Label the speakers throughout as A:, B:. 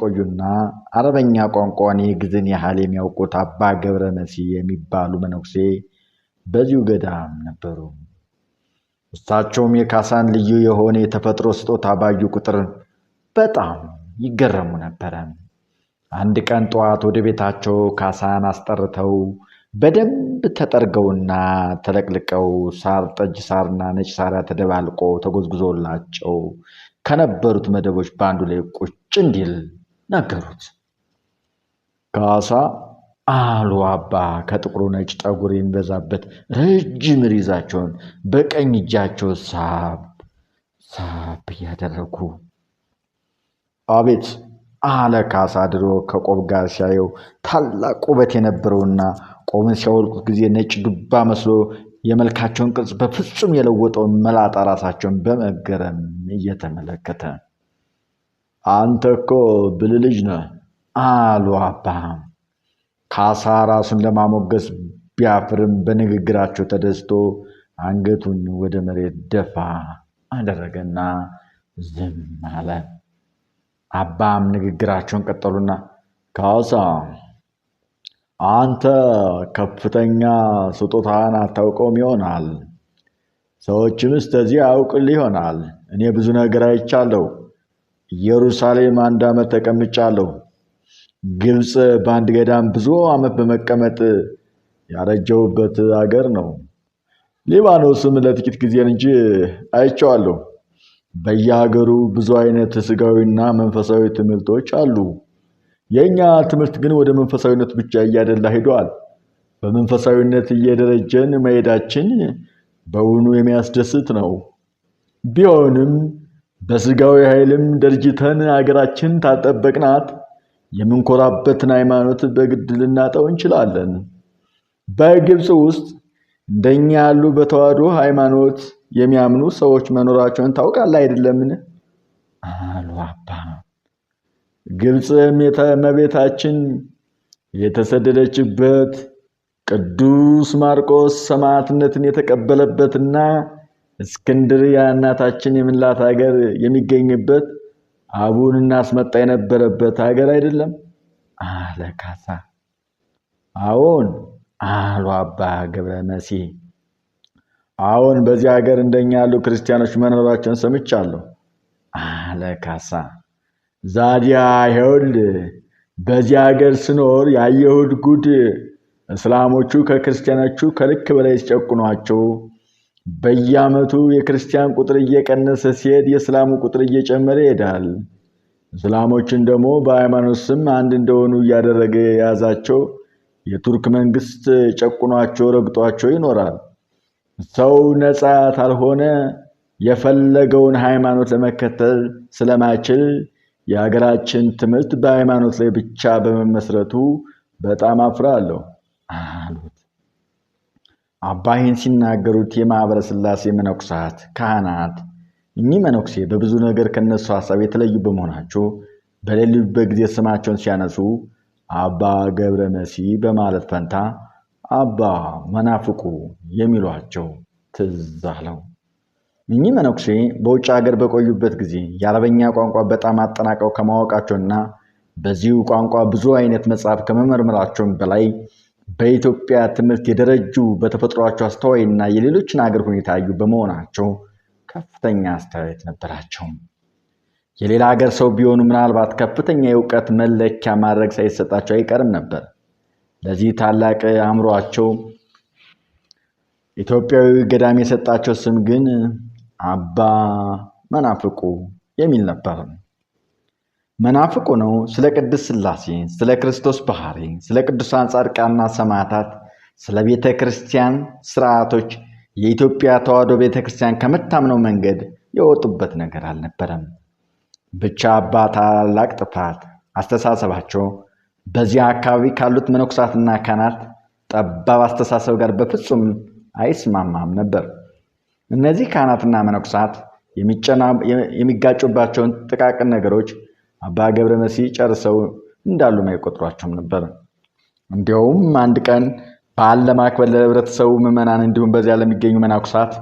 A: የቆዩና አረበኛ ቋንቋን የግዕዝን ያህል የሚያውቁት አባ ገብረ መሲ የሚባሉ መነኩሴ በዚሁ ገዳም ነበሩ። እሳቸውም የካሳን ልዩ የሆነ የተፈጥሮ ስጦታ ባዩ ቁጥር በጣም ይገረሙ ነበረ። አንድ ቀን ጠዋት ወደ ቤታቸው ካሳን አስጠርተው በደንብ ተጠርገውና ተለቅልቀው ሳር ጠጅ ሳርና ነጭ ሳሪያ ተደባልቆ ተጎዝጉዞላቸው ከነበሩት መደቦች በአንዱ ላይ ቁጭ እንዲል ነገሩት። ካሳ አሉ አባ ከጥቁሩ ነጭ ጠጉር የሚበዛበት ረጅም ሪዛቸውን በቀኝ እጃቸው ሳብ ሳብ እያደረጉ አቤት አለ ካሳ ድሮ ከቆብ ጋር ሲያየው ታላቅ ውበት የነበረውና ቆብን ሲያወልቁት ጊዜ ነጭ ዱባ መስሎ የመልካቸውን ቅርጽ በፍጹም የለወጠውን መላጣ ራሳቸውን በመገረም እየተመለከተ አንተ እኮ ብልህ ልጅ ነህ አሉ አባም ካሳ ራሱን ለማሞገስ ቢያፍርም በንግግራቸው ተደስቶ አንገቱን ወደ መሬት ደፋ አደረገና ዝም አለ። አባም ንግግራቸውን ቀጠሉና ካሳ አንተ ከፍተኛ ስጦታን አታውቀውም ይሆናል። ሰዎችም እስከዚህ አያውቅልህ ይሆናል። እኔ ብዙ ነገር አይቻለሁ። ኢየሩሳሌም አንድ ዓመት ተቀምጫለሁ። ግብፅ በአንድ ገዳም ብዙ ዓመት በመቀመጥ ያረጀውበት አገር ነው። ሊባኖስም ለጥቂት ጊዜን እንጂ አይቼዋለሁ። በየሀገሩ ብዙ አይነት ስጋዊና መንፈሳዊ ትምህርቶች አሉ። የእኛ ትምህርት ግን ወደ መንፈሳዊነት ብቻ እያደላ ሄደዋል። በመንፈሳዊነት እየደረጀን መሄዳችን በውኑ የሚያስደስት ነው። ቢሆንም በሥጋዊ ኃይልም ደርጅተን አገራችን ታጠበቅናት የምንኮራበትን ሃይማኖት በግድ ልናጠው እንችላለን። በግብፅ ውስጥ እንደኛ ያሉ በተዋህዶ ሃይማኖት የሚያምኑ ሰዎች መኖራቸውን ታውቃል አይደለምን? አሉ አባ። ግብፅም እመቤታችን የተሰደደችበት ቅዱስ ማርቆስ ሰማዕትነትን የተቀበለበትና እስክንድርያ እናታችን የምንላት ሀገር የሚገኝበት አቡን እናስመጣ የነበረበት ሀገር አይደለም አለ ካሳ። አዎን አሉ አባ ገብረ መሲህ። አዎን በዚህ ሀገር እንደኛ ያሉ ክርስቲያኖች መኖራቸውን ሰምቻለሁ አለ ካሳ። ዛዲያ ይኸውል በዚህ ሀገር ስኖር ያየሁት ጉድ እስላሞቹ ከክርስቲያኖቹ ከልክ በላይ ሲጨቁኗቸው በየዓመቱ የክርስቲያን ቁጥር እየቀነሰ ሲሄድ የእስላሙ ቁጥር እየጨመረ ይሄዳል። እስላሞችን ደግሞ በሃይማኖት ስም አንድ እንደሆኑ እያደረገ የያዛቸው የቱርክ መንግስት ጨቁኗቸው ረግጧቸው ይኖራል። ሰው ነፃ ካልሆነ የፈለገውን ሃይማኖት ለመከተል ስለማይችል የሀገራችን ትምህርት በሃይማኖት ላይ ብቻ በመመስረቱ በጣም አፍራለሁ አሉት። አባይን ሲናገሩት የማኅበረ ሥላሴ መነኩሳት ካህናት እኚህ መነኩሴ በብዙ ነገር ከነሱ ሀሳብ የተለዩ በመሆናቸው በሌሉበት ጊዜ ስማቸውን ሲያነሱ አባ ገብረ መሲ በማለት ፈንታ አባ መናፍቁ የሚሏቸው ትዝ አለው። እኚህ መነኩሴ በውጭ ሀገር በቆዩበት ጊዜ የአረበኛ ቋንቋ በጣም አጠናቀው ከማወቃቸውና በዚሁ ቋንቋ ብዙ አይነት መጽሐፍ ከመመርመራቸውም በላይ በኢትዮጵያ ትምህርት የደረጁ በተፈጥሯቸው አስተዋይና የሌሎችን አገር ሁኔታ ያዩ በመሆናቸው ከፍተኛ አስተያየት ነበራቸው። የሌላ ሀገር ሰው ቢሆኑ ምናልባት ከፍተኛ የእውቀት መለኪያ ማድረግ ሳይሰጣቸው አይቀርም ነበር። ለዚህ ታላቅ አእምሯቸው ኢትዮጵያዊ ገዳም የሰጣቸው ስም ግን አባ መናፍቁ የሚል ነበር። መናፍቁ ነው ስለ ቅድስት ስላሴ፣ ስለ ክርስቶስ ባህሪ፣ ስለ ቅዱሳን ጻድቃንና ሰማዕታት፣ ስለ ቤተ ክርስቲያን ስርዓቶች የኢትዮጵያ ተዋሕዶ ቤተ ክርስቲያን ከምታምነው መንገድ የወጡበት ነገር አልነበረም። ብቻ አባ ታላላቅ ጥፋት አስተሳሰባቸው በዚያ አካባቢ ካሉት መነኮሳትና ካህናት ጠባብ አስተሳሰብ ጋር በፍጹም አይስማማም ነበር። እነዚህ ካህናትና መነኮሳት የሚጋጩባቸውን ጥቃቅን ነገሮች አባ ገብረ መሲህ ጨርሰው እንዳሉም አይቆጥሯቸውም ነበር። እንዲያውም አንድ ቀን በዓል ለማክበር ለህብረተሰቡ ምዕመናን እንዲሁም በዚያ ለሚገኙ መናኩሳት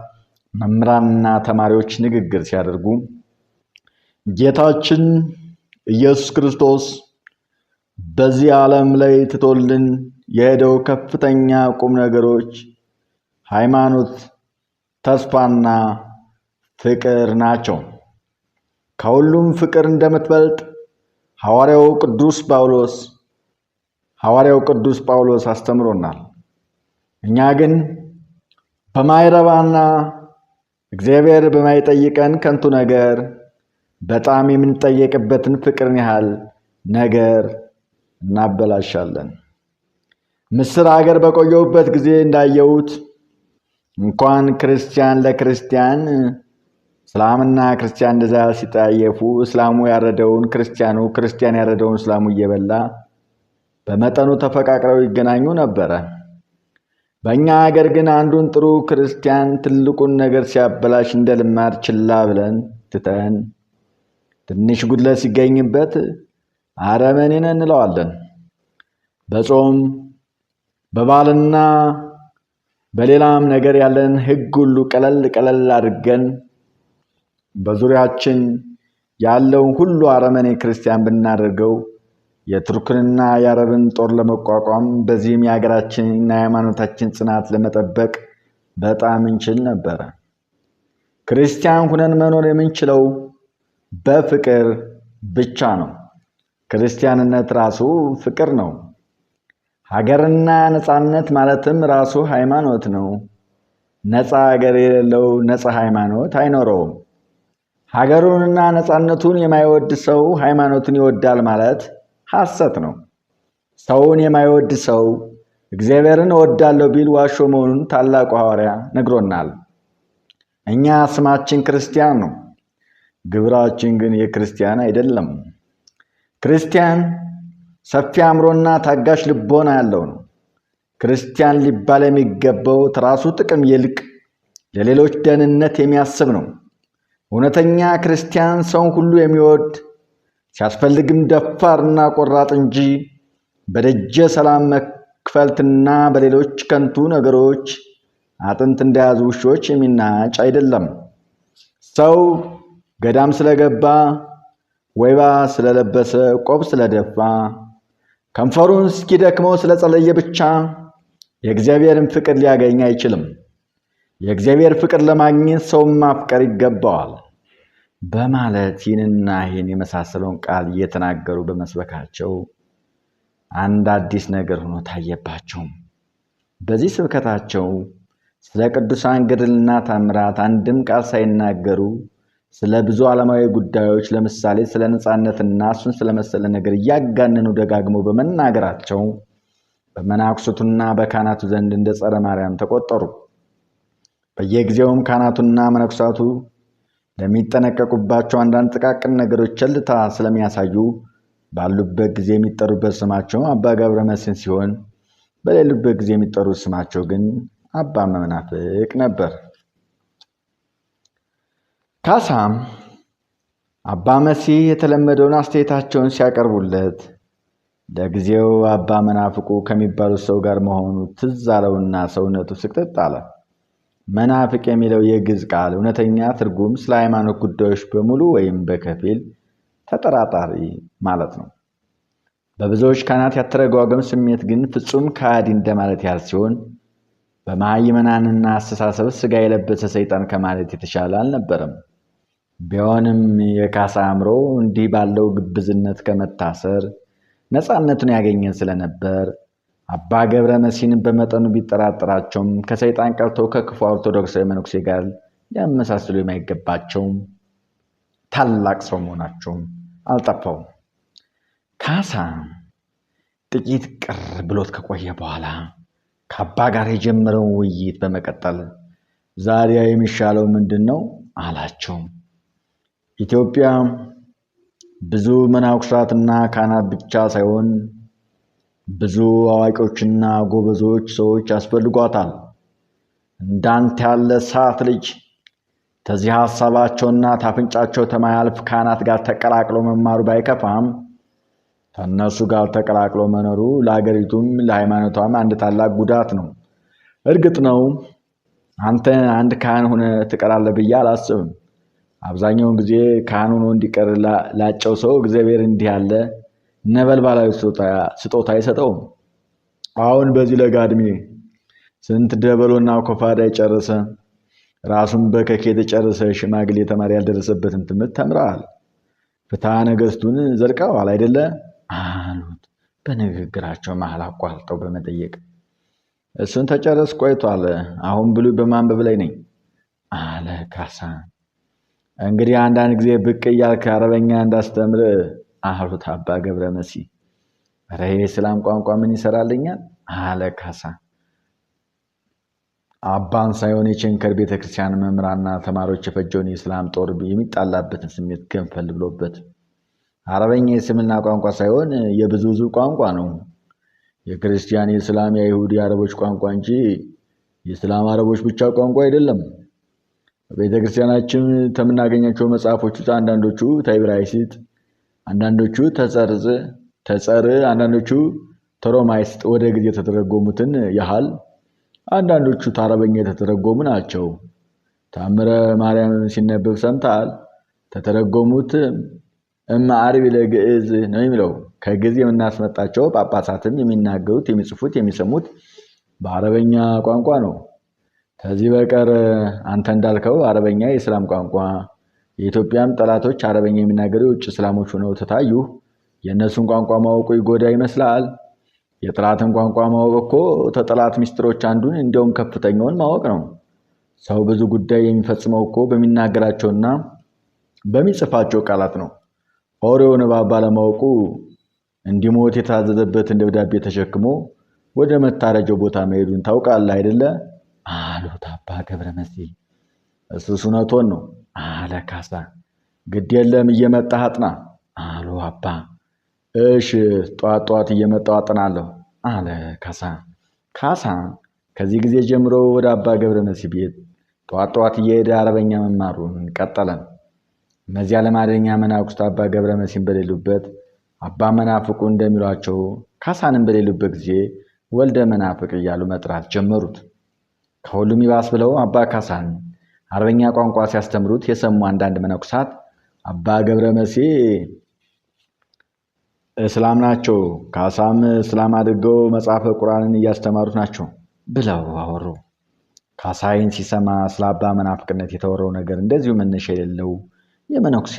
A: መምህራንና ተማሪዎች ንግግር ሲያደርጉ ጌታችን ኢየሱስ ክርስቶስ በዚህ ዓለም ላይ ትቶልን የሄደው ከፍተኛ ቁም ነገሮች ሃይማኖት፣ ተስፋና ፍቅር ናቸው። ከሁሉም ፍቅር እንደምትበልጥ ሐዋርያው ቅዱስ ጳውሎስ ሐዋርያው ቅዱስ ጳውሎስ አስተምሮናል። እኛ ግን በማይረባና እግዚአብሔር በማይጠይቀን ከንቱ ነገር በጣም የምንጠየቅበትን ፍቅርን ያህል ነገር እናበላሻለን። ምስር አገር በቆየሁበት ጊዜ እንዳየሁት እንኳን ክርስቲያን ለክርስቲያን እስላምና ክርስቲያን እንደዛ ሲጠያየፉ እስላሙ ያረደውን ክርስቲያኑ ክርስቲያን ያረደውን እስላሙ እየበላ በመጠኑ ተፈቃቅረው ይገናኙ ነበረ። በእኛ ሀገር ግን አንዱን ጥሩ ክርስቲያን ትልቁን ነገር ሲያበላሽ እንደ ልማድ ችላ ብለን ትተን ትንሽ ጉድለት ሲገኝበት አረመኔን እንለዋለን። በጾም በባልና በሌላም ነገር ያለን ሕግ ሁሉ ቀለል ቀለል አድርገን በዙሪያችን ያለውን ሁሉ አረመኔ ክርስቲያን ብናደርገው የቱርክንና የአረብን ጦር ለመቋቋም በዚህም የሀገራችንና የሃይማኖታችን ጽናት ለመጠበቅ በጣም እንችል ነበረ። ክርስቲያን ሁነን መኖር የምንችለው በፍቅር ብቻ ነው። ክርስቲያንነት ራሱ ፍቅር ነው። ሀገርና ነፃነት ማለትም ራሱ ሃይማኖት ነው። ነፃ ሀገር የሌለው ነፃ ሃይማኖት አይኖረውም። ሀገሩንና ነፃነቱን የማይወድ ሰው ሃይማኖትን ይወዳል ማለት ሐሰት ነው። ሰውን የማይወድ ሰው እግዚአብሔርን እወዳለሁ ቢል ዋሾ መሆኑን ታላቁ ሐዋርያ ነግሮናል። እኛ ስማችን ክርስቲያን ነው፣ ግብራችን ግን የክርስቲያን አይደለም። ክርስቲያን ሰፊ አእምሮና ታጋሽ ልቦና ያለው ነው። ክርስቲያን ሊባል የሚገባው ከራሱ ጥቅም ይልቅ ለሌሎች ደህንነት የሚያስብ ነው። እውነተኛ ክርስቲያን ሰውን ሁሉ የሚወድ ሲያስፈልግም ደፋርና ቆራጥ እንጂ በደጀ ሰላም መክፈልትና በሌሎች ከንቱ ነገሮች አጥንት እንደያዙ ውሾች የሚናጭ አይደለም። ሰው ገዳም ስለገባ፣ ወይባ ስለለበሰ፣ ቆብ ስለደፋ፣ ከንፈሩን እስኪደክመው ስለጸለየ ብቻ የእግዚአብሔርን ፍቅር ሊያገኝ አይችልም። የእግዚአብሔር ፍቅር ለማግኘት ሰውን ማፍቀር ይገባዋል በማለት ይህንና ይህን የመሳሰለውን ቃል እየተናገሩ በመስበካቸው አንድ አዲስ ነገር ሆኖ ታየባቸውም። በዚህ ስብከታቸው ስለ ቅዱሳን ገድልና ታምራት አንድም ቃል ሳይናገሩ ስለ ብዙ ዓለማዊ ጉዳዮች ለምሳሌ ስለ ነፃነትና እሱን ስለመሰለ ነገር እያጋነኑ ደጋግመው በመናገራቸው በመናኩሱቱና በካህናቱ ዘንድ እንደ ጸረ ማርያም ተቆጠሩ። በየጊዜውም ካህናቱና መነኩሳቱ ለሚጠነቀቁባቸው አንዳንድ ጥቃቅን ነገሮች ቸልታ ስለሚያሳዩ ባሉበት ጊዜ የሚጠሩበት ስማቸው አባ ገብረ መስን ሲሆን በሌሉበት ጊዜ የሚጠሩት ስማቸው ግን አባ መናፍቅ ነበር። ካሳም አባ መሲህ የተለመደውን አስተያየታቸውን ሲያቀርቡለት ለጊዜው አባ መናፍቁ ከሚባሉት ሰው ጋር መሆኑ ትዝ አለውና ሰውነቱ ስቅጥጥ አለ። መናፍቅ የሚለው የግዕዝ ቃል እውነተኛ ትርጉም ስለ ሃይማኖት ጉዳዮች በሙሉ ወይም በከፊል ተጠራጣሪ ማለት ነው። በብዙዎች ካህናት ያተረጓጎም ስሜት ግን ፍጹም ከሃዲ እንደማለት ያህል ሲሆን በመሃይመናንና አስተሳሰብ ስጋ የለበሰ ሰይጣን ከማለት የተሻለ አልነበረም። ቢሆንም የካሳ አእምሮ እንዲህ ባለው ግብዝነት ከመታሰር ነፃነቱን ያገኘ ስለነበር አባ ገብረ መሲንን በመጠኑ ቢጠራጠራቸውም ከሰይጣን ቀርቶ ከክፉ ኦርቶዶክሳዊ መነኩሴ ጋር ሊያመሳስሉ የማይገባቸውም ታላቅ ሰው መሆናቸውም አልጠፋውም። ካሳ ጥቂት ቅር ብሎት ከቆየ በኋላ ከአባ ጋር የጀመረውን ውይይት በመቀጠል ዛሬ የሚሻለው ምንድን ነው አላቸው። ኢትዮጵያ ብዙ መናኩሳትና ካህናት ብቻ ሳይሆን ብዙ አዋቂዎችና ጎበዞች ሰዎች ያስፈልጓታል። እንዳንተ ያለ ሰዓት ልጅ ከዚህ ሐሳባቸውና ታፍንጫቸው ተማያልፍ ካህናት ጋር ተቀላቅሎ መማሩ ባይከፋም ከእነሱ ጋር ተቀላቅሎ መኖሩ ለሀገሪቱም ለሃይማኖቷም አንድ ታላቅ ጉዳት ነው። እርግጥ ነው አንተ አንድ ካህን ሆነ ትቀራለህ ብዬ አላስብም። አብዛኛውን ጊዜ ካህን ሆኖ እንዲቀር ላጨው ሰው እግዚአብሔር እንዲህ ያለ ነበልባላዊ ስጦታ አይሰጠውም። አሁን በዚህ ለጋ ዕድሜ ስንት ደበሎና ኮፋዳ የጨረሰ ራሱን በከኬ የተጨረሰ ሽማግሌ ተማሪ ያልደረሰበትን ትምህርት ተምረዋል። ፍትሐ ነገሥቱን ዘልቀዋል አይደለ አሉት። በንግግራቸው መሀል አቋርጠው በመጠየቅ እሱን ተጨረስ ቆይቷል፣ አሁን ብሉይ በማንበብ ላይ ነኝ አለ ካሳ። እንግዲህ አንዳንድ ጊዜ ብቅ እያልክ አረበኛ እንዳስተምር አሉት አባ ገብረ መሲ ኧረ የሰላም ቋንቋ ምን ይሰራልኛል አለ ካሳ። አባን ሳይሆን የቸንከር ቤተክርስቲያን መምህራንና ተማሪዎች የፈጀውን የሰላም ጦር የሚጣላበትን ስሜት ገንፈል ብሎበት አረበኛ የስምና ቋንቋ ሳይሆን የብዙ ብዙ ቋንቋ ነው። የክርስቲያን፣ የእስላም፣ የአይሁድ፣ የአረቦች ቋንቋ እንጂ የእስላም አረቦች ብቻ ቋንቋ አይደለም። በቤተክርስቲያናችን ከምናገኛቸው መጽሐፎች ውስጥ አንዳንዶቹ ተዕብራይስጥ፣ አንዳንዶቹ ተጸርዝ ተጸር አንዳንዶቹ ተሮማይስጥ ወደ ግዕዝ የተተረጎሙትን ያህል አንዳንዶቹ ታረበኛ የተተረጎሙ ናቸው። ታምረ ማርያም ሲነበብ ሰምታል ተተረጎሙት እመ ለግዕዝ ነው የሚለው። ከግዕዝ የምናስመጣቸው ጳጳሳትም የሚናገሩት የሚጽፉት፣ የሚሰሙት በአረበኛ ቋንቋ ነው። ከዚህ በቀር አንተ እንዳልከው አረበኛ የእስላም ቋንቋ የኢትዮጵያም ጠላቶች አረበኛ የሚናገሩ የውጭ እስላሞች ሆነው ተታዩ። የእነሱን ቋንቋ ማወቁ ይጎዳ ይመስላል። የጠላትን ቋንቋ ማወቅ እኮ ተጠላት ሚስጥሮች አንዱን እንዲያውም ከፍተኛውን ማወቅ ነው። ሰው ብዙ ጉዳይ የሚፈጽመው እኮ በሚናገራቸውና በሚጽፋቸው ቃላት ነው። ኦሬዮ እባብ ባለማወቁ እንዲሞት የታዘዘበትን ደብዳቤ ተሸክሞ ወደ መታረጀው ቦታ መሄዱን ታውቃለህ አይደለ? አሉት አባ ገብረ መሲህ። እሱስ እውነቶን ነው። አለ ካሳ። ግድ የለም እየመጣህ አጥና አሉ አባ። እሽ ጧት ጧት እየመጣው አጥናለሁ አለ ካሳ። ካሳ ከዚህ ጊዜ ጀምሮ ወደ አባ ገብረ መሲህ ቤት ጧት ጧት እየሄደ አረበኛ መማሩን ቀጠለ። እነዚያ ለማደኛ መናኩስት አባ ገብረ መሲን በሌሉበት አባ መናፍቁ እንደሚሏቸው ካሳንም በሌሉበት ጊዜ ወልደ መናፍቅ እያሉ መጥራት ጀመሩት። ከሁሉም ይባስ ብለው አባ ካሳን አርበኛ ቋንቋ ሲያስተምሩት የሰሙ አንዳንድ መነኩሳት አባ ገብረ መሴ እስላም ናቸው፣ ካሳም እስላም አድርገው መጽሐፈ ቁርአንን እያስተማሩት ናቸው ብለው አወሩ። ካሳ ሲሰማ ስለ አባ መናፍቅነት የተወረው ነገር እንደዚሁ መነሻ የሌለው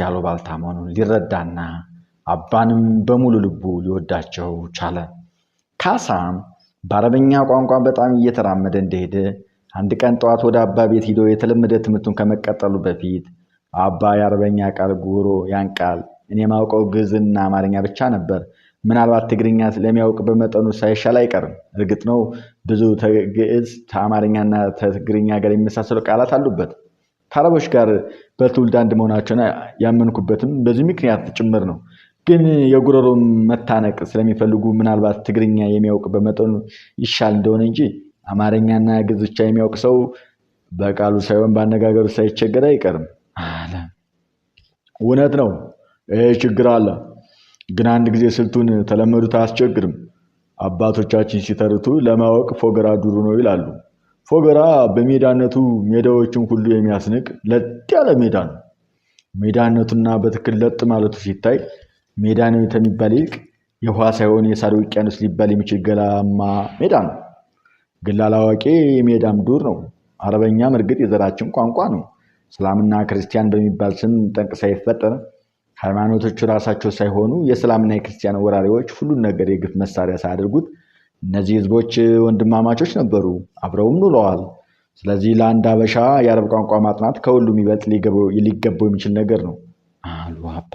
A: ያሉ ባልታ መሆኑን ሊረዳና አባንም በሙሉ ልቡ ሊወዳቸው ቻለ። ካሳም በአረበኛ ቋንቋ በጣም እየተራመደ እንደሄደ አንድ ቀን ጠዋት ወደ አባ ቤት ሂዶ የተለመደ ትምህርቱን ከመቀጠሉ በፊት አባ የአርበኛ ቃል ጉሮ ያን ቃል እኔ የማውቀው ግዕዝና አማርኛ ብቻ ነበር። ምናልባት ትግርኛ ለሚያውቅ በመጠኑ ሳይሻል አይቀርም። እርግጥ ነው ብዙ ግዕዝ ከአማርኛና ትግርኛ ጋር የሚመሳሰሉ ቃላት አሉበት። ከአረቦች ጋር በትውልድ አንድ መሆናቸውን ያመንኩበትም በዚህ ምክንያት ጭምር ነው። ግን የጉሮሮ መታነቅ ስለሚፈልጉ ምናልባት ትግርኛ የሚያውቅ በመጠኑ ይሻል እንደሆነ እንጂ አማርኛና ግዕዝ ብቻ የሚያውቅ ሰው በቃሉ ሳይሆን በአነጋገሩ ሳይቸገር አይቀርም አለ። እውነት ነው፣ ይህ ችግር አለ። ግን አንድ ጊዜ ስልቱን ተለመዱት፣ አያስቸግርም። አባቶቻችን ሲተርቱ ለማወቅ ፎገራ ዱሩ ነው ይላሉ። ፎገራ በሜዳነቱ ሜዳዎችን ሁሉ የሚያስንቅ ለጥ ያለ ሜዳ ነው። ሜዳነቱና በትክክል ለጥ ማለቱ ሲታይ ሜዳ ነው ይልቅ የውሃ ሳይሆን የሳር ውቅያኖስ ሊባል የሚችል ገላማ ሜዳ ነው። ግላል አዋቂ የሜዳም ዱር ነው። አረበኛም እርግጥ የዘራችን ቋንቋ ነው። እስላምና ክርስቲያን በሚባል ስም ጠንቅ ሳይፈጠር ሃይማኖቶቹ ራሳቸው ሳይሆኑ የእስላምና የክርስቲያን ወራሪዎች ሁሉን ነገር የግፍ መሳሪያ ሳያደርጉት እነዚህ ህዝቦች ወንድማማቾች ነበሩ፣ አብረውም ኑረዋል። ስለዚህ ለአንድ አበሻ የአረብ ቋንቋ ማጥናት ከሁሉም ይበልጥ ሊገባው የሚችል ነገር ነው አሉ አባ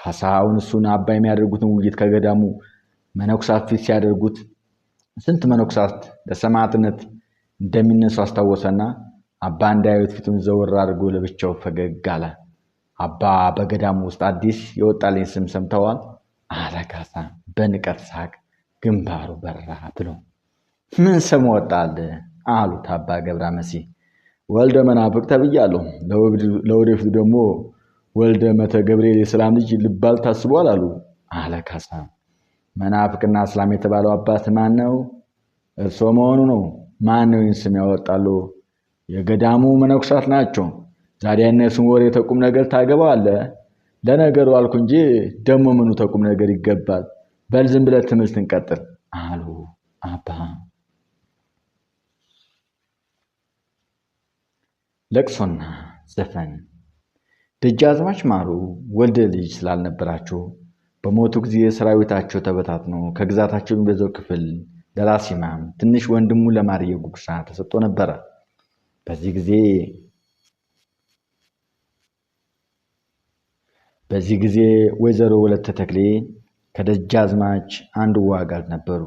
A: ካሳ። አሁን እሱን አባ የሚያደርጉትን ውይይት ከገዳሙ መነኩሳት ፊት ሲያደርጉት ስንት መነኮሳት ለሰማዕትነት እንደሚነሱ አስታወሰና አባ እንዳያዩት ፊቱን ዘወር አድርጎ ለብቻው ፈገግ አለ። አባ በገዳሙ ውስጥ አዲስ የወጣልኝ ስም ሰምተዋል? አለ ካሳ በንቀት ሳቅ፣ ግንባሩ በራ ብሎ ምን ስም ወጣል? አሉት አባ ገብረ መሲህ። ወልደ መናፍቅ ተብያለሁ። ለወደፊቱ ደግሞ ወልደ መተ ገብርኤል የሰላም ልጅ ልባል ታስቧል አሉ አለካሳ። መናፍቅና እስላም የተባለው አባት ማን ነው? እርሶ መሆኑ ነው። ማን ነው ይህን ስም ያወጣሉ? የገዳሙ መነኩሳት ናቸው። ዛሬ እነሱን ወሬ ተቁም ነገር አለ። ለነገሩ አልኩ እንጂ ደግሞ ምኑ ተቁም ነገር ይገባል። በል ዝም ብለህ ትምህርት እንቀጥል አሉ አባ። ለቅሶና ዘፈን። ደጃዝማች ማሩ ወልደ ልጅ ስላልነበራችሁ በሞቱ ጊዜ ሰራዊታቸው ተበታትነው ከግዛታቸው የሚበዛው ክፍል ለራሲማም ትንሽ ወንድሙ ለማርየ ጉግሳ ተሰጥቶ ነበረ። በዚህ ጊዜ በዚህ ጊዜ ወይዘሮ ወለተ ተክሌ ከደጃዝማች አንድ ዋጋት ነበሩ።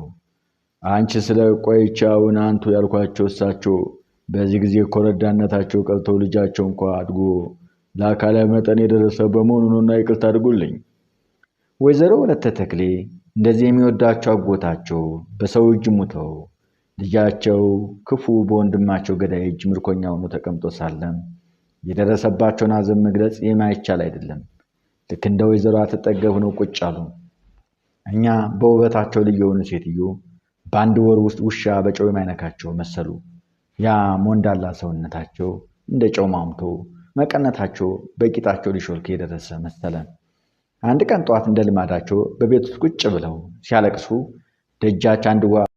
A: አንቺ ስለ ቆይቻውን አንቱ ያልኳቸው እሳቸው በዚህ ጊዜ ኮረዳነታቸው ቀልተው ልጃቸው እንኳ አድጎ ለአካለ መጠን የደረሰ በመሆኑ ነውና ይቅርታ አድርጉልኝ። ወይዘሮ ወለተ ተክሌ እንደዚህ የሚወዳቸው አጎታቸው በሰው እጅ ሙተው ልጃቸው ክፉ በወንድማቸው ገዳይ እጅ ምርኮኛ ሆኖ ተቀምጦ ሳለም የደረሰባቸውን ሐዘን መግለጽ የማይቻል አይደለም። ልክ እንደ ወይዘሮ አትጠገብ ሆነው ቁጭ አሉ። እኛ በውበታቸው ልዩ የሆኑ ሴትዮ በአንድ ወር ውስጥ ውሻ በጨው የማይነካቸው መሰሉ። ያ ሞንዳላ ሰውነታቸው እንደ ጨው ማምቶ መቀነታቸው በቂጣቸው ሊሾልክ የደረሰ መሰለን። አንድ ቀን ጠዋት እንደ ልማዳቸው በቤት ውስጥ ቁጭ ብለው ሲያለቅሱ ደጃች አንድ